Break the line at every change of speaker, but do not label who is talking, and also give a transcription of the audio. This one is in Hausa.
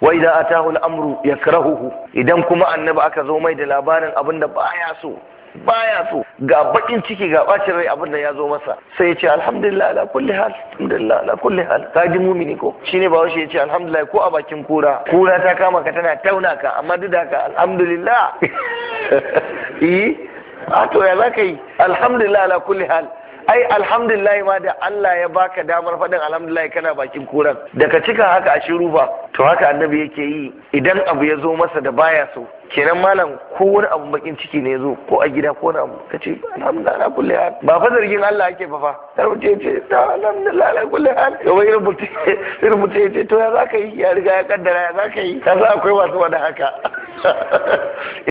wa idan amru ya karahuhu idan kuma annabi aka zo mai da labarin abin da baya so baya so ga bakin ciki ga bacin rai abin da ya zo masa sai ya ce alhamdulillah ala kulli hal alhamdulillah ala kulli hal ka ji mumini ko shine ba ya ce alhamdulillah ko a bakin kura kura ta kama ka tana tauna ka amma duk da ka alhamdulillah yi eh? a ah, to ya zaka yi alhamdulillah ala kulli hal ai alhamdulillah ma da Allah ya baka damar faɗin alhamdulillah kana bakin kuran da ka cika haka a shiru ba to haka annabi yake yi idan abu ya zo masa da baya so kenan malam ko wani abu bakin ciki ne zo ko a gida ko na abu ka ce alhamdulillah ala kulli hal ba fa zargin Allah ake fa fa sai mutum ce ta alhamdulillah ala kulli hal to wai irin mutum ce to ya zaka yi ya riga ya kaddara ya zaka yi ka akwai wasu wani haka